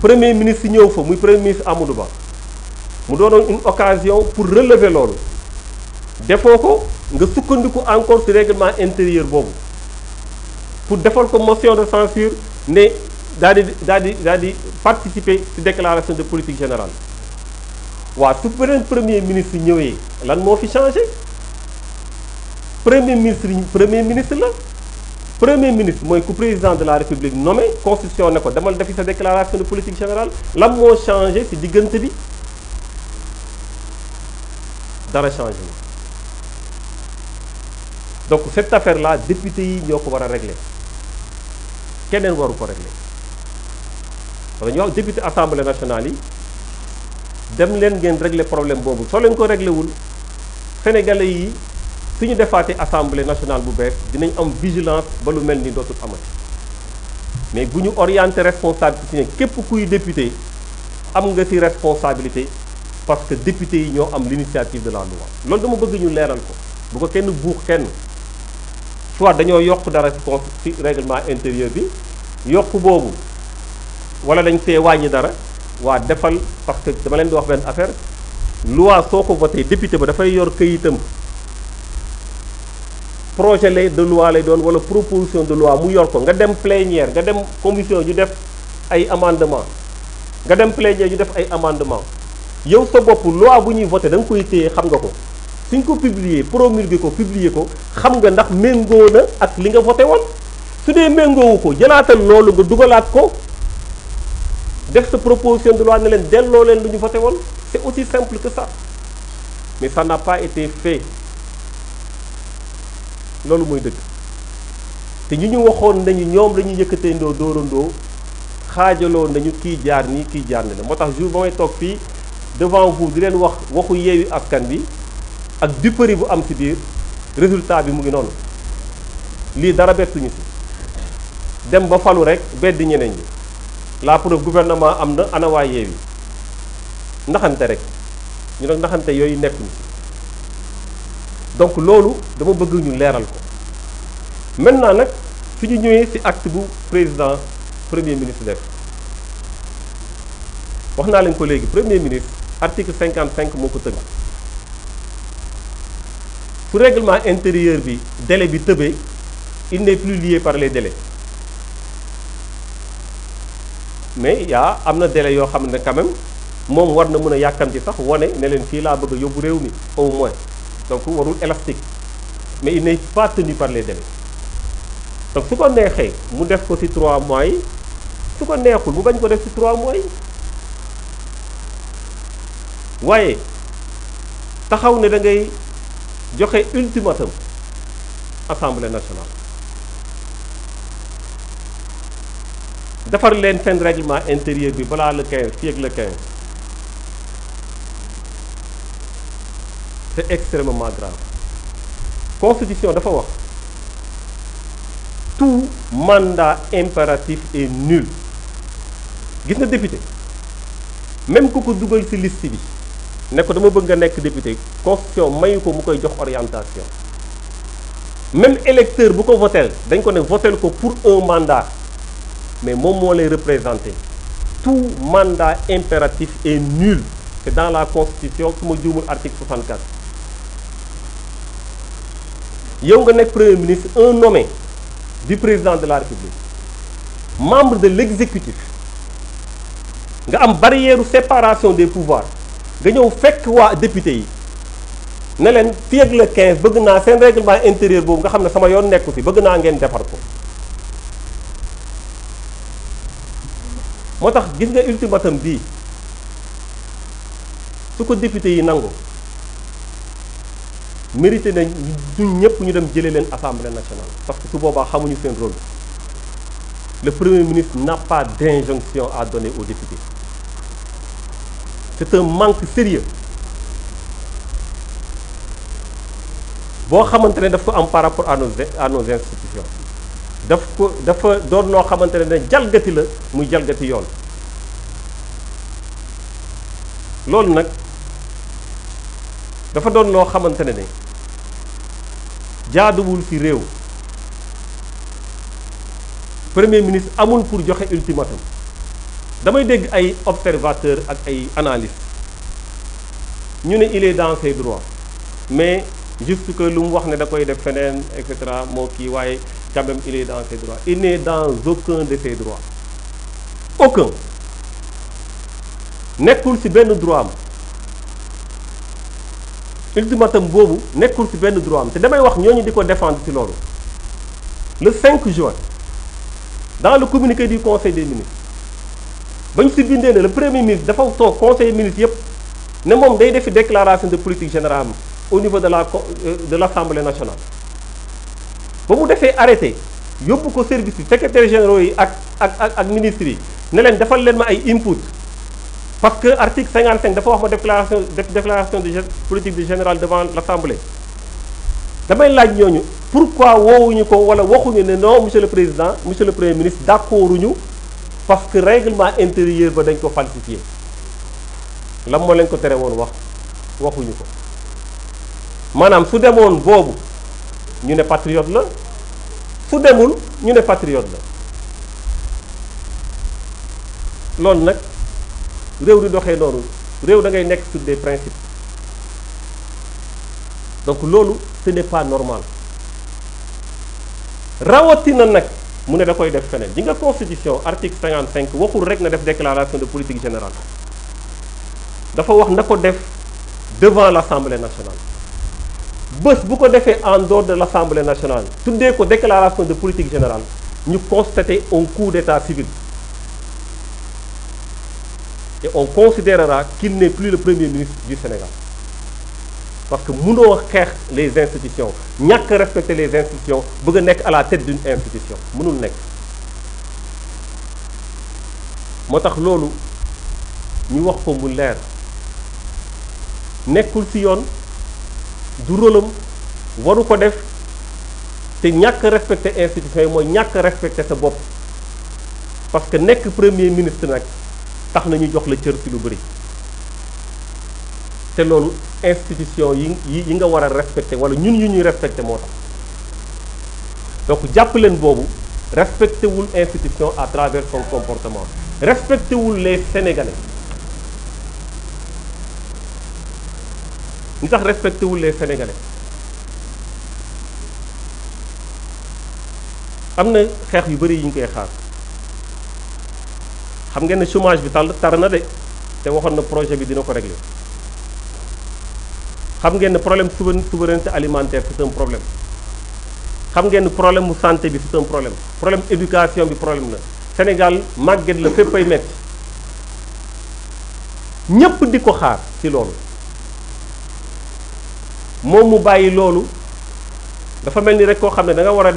premier ministre ñëw fa muy premier ministre Amadou Ba mu doonoon une occasion pour relever loolu defoo ko nga sukkandiku encore ci règlement intérieur boobu pour defal ko motion de censure ne daal di daal di daal di participer ci déclaration de politique général waa su beneen premier ministre ñëwee lan moo fi changé premier ministre premier ministre la premier ministre mooy ku président de la république nommé constitution ne ko demal defi sa déclaration de politique générale lan moo changé ci diggante bi dara changé na donc cette affaire là député yi ñoo ko war a régler keneen waru ko régler parce que ñoo député assemblée nationale yi dem leen ngeen régler problème boobu soo leen ko réglewul sénégalais yi su ñu defaatee assemblée nationale bu bees dinañ am vigilance ba lu mel ni dootul amati mais bu ñu orienté responsabilité ne képp kuy député am nga ci responsabilité parce que député yi ñoo am l'initiative de la loi loolu dama bëgg ñu leeral ko bu ko kenn buux kenn soit dañoo yokk dara ci con ci règlement intérieur bi yokk boobu wala dañ see wàññi dara waa defal parce que dama leen di wax benn affaire loi soo ko voté député ba dafay yor këyitam projet lay de loi lay doon wala proposition de loi mu yor ko nga dem plénière nga dem commission ñu def ay amandement nga dem plénière ñu def ay amendement yow sa bopp loi bu ñuy voté da nga koy téye xam nga ko suñ ko publier promulguer ko publier ko xam nga ndax méngoo na ak li nga voté woon su dee méngoowu ko jëlaatal loolu nga dugalaat ko def sa proposition de loi ne leen delloo leen lu ñu voté woon c'est aussi simple que ça mais ça pas été fait loolu mooy dëgg te ñu ñu waxoon nañu ñoom la ñuy yëkkateendoo dóorandoo xaajaloo nañu kii jaar nii kii jaar nii la moo tax jour ba may toog fii devant vous di leen wax waxu yeewi askan bi ak duppari bu am ci biir résultat bi mu ngi noonu lii dara bettuñu si dem ba falu rek bedd ñeneen ñi la preuve gouvernement am na ana waa yeewi naxante rek ñu nag naxante yooyu nekkuñu si donc loolu dama bëgg ñu leeral ko maintenant nag fi ñu ñëwee ci act bu président premier ministre def wax naa leen ko léegi premier ministre article cinquante cinq moo ko tënk su réglement intérieur bi délai bi tëbee il n'est plus lié par les délais mais yaa am na délai yoo xam ne quand même moom war na mën a yàkkamti sax wane ne leen fii laa bëgg a yóbbu réew mi au moins donc warul élastique mais il n'est pas tenu par les délais donc su ko neexee mu def ko ci 3 mois yi su ko neexul mu bañ ko def ci trois mois yi waaye taxaw ne da ngay joxe ultimatum assemblée nationale defar leen seen règlement intérieur bi balaa la 15 fii ak le 15. c'est extrêmement grave constitution dafa wax tout mandat impératif et nul gis nga député même ko ko dugal ci liste bi ne dama bëgg nga nekk député constitution mayu ko mu koy jox orientation même électeur bu ko votel dañ ko ne votel ko pour un mandat mais moom moo lay représenté tout mandat impératif et nul te dans la constitution su ma juumul article 64 yow nga nekk premier ministre un nommé du président de la république membre de l'exécutif nga am barrière séparation des pouvoirs nga ñëw fekk waa député yi ne leen fii ak le bëgg naa seen règlement intérieur boobu nga xam ne sama yoon nekku si bëgg naa ngeen defar ko moo tax gis nga ultimatum bii su ko député yi nangu mérité nañ ñun ñëpp ñu dem jëlee leen assemblée national parce que su boobaa xamuñu seen rôle le premier ministre n'a pas d'injonction à donner aux députés c'est manque sérieux boo xamante ne daf ko am par rapport à nos à nos daf ko dafa doon loo xamante ne jalgati la muy jalgati yoon loolu nag dafa doon loo xamante ne ne jaaduwul ci réew premier ministre amul pour joxe ultimatum damay dégg ay observateur ak ay analyste ñu ne il est dans droit droits mais juste que lu mu wax ne da koy def feneen et moo kii waaye quand il est dans ses il n'est dans aucun de ses droits aucun nekkul ci benn droit am ultimatum boobu nekkul ci benn droit am te damay wax ñoo ñu di ko défendre ci loolu le 5 juin dans le communiqué du conseil des ministres ba ñu si bindee ne le premier ministre dafa toog conseil ministre yëpp ne moom day defi déclaration de politique générale au niveau de la euh, de l' assemblée nationale. ba mu defee arrêté yóbbu ko service yi secrétaire généraux yi ak ak ak ak ministres yi ne leen defal leen ma ay input. parce que article 55 dafa wax ma déclaration déclaration de politique de générale devant l'Assemblée damay laaj ñooñu pourquoi woowuñu ko wala waxuñu ne non monsieur le président monsieur le premier ministre d'accorduñu parce que règlement intérieur ba dañ ko falsifié lan moo leen ko tere woon wax waxuñu ko maanaam su demoon boobu ñu ne patriote la su demul ñu ne patriote la loolu nag réew di doxe noonu réew da ngay nekk sur des principes donc loolu ce n'est pas normal rawatina nag mu ne da koy def fene di nga constitution article cinq waxul rek na def déclaration de politique générale dafa wax na ko def devant l'Assemblée nationale bés bu ko defee en dehors de l'Assemblée nationale tuddee ko déclaration de politique générale ñu constater un coup d'état civil et on considérera qu'il n'est plus le premier ministre du Sénégal parce que mënoo xeex les institutions ñàkk respecter les institutions bëgg a nekk à la tête d'une institution mënul nekk moo tax loolu ñu wax ko mu leer nekkul si yoon du rôlam waru ko def te ñàkk respecter institutions yi mooy ñàkk respecte sa bopp parce que nekk premier ministre nag tax nañu jox la cër fi lu bëri te loolu institution yi yi nga war a respecté wala ñun yu ñuy respecté moo tax donc jàpp leen boobu respecté wul institution à travers son comportement respecté wul les sénégalais ñu tax respecté wul les am na xeex yu bëri yi ñu koy xaar. xam ngeen ne chômage bi tàll tar na de te waxoon na projet bi dina ko régler xam ngeen ne problème souveraineté alimentaire c'est un problème xam ngeen ne problème mu santé bi c'est un problème problème éducation bi problème la Sénégal màgget la fépp ay metti ñépp di ko xaar ci loolu moom mu bàyyi loolu dafa mel ni rek koo xam ne da nga war a dem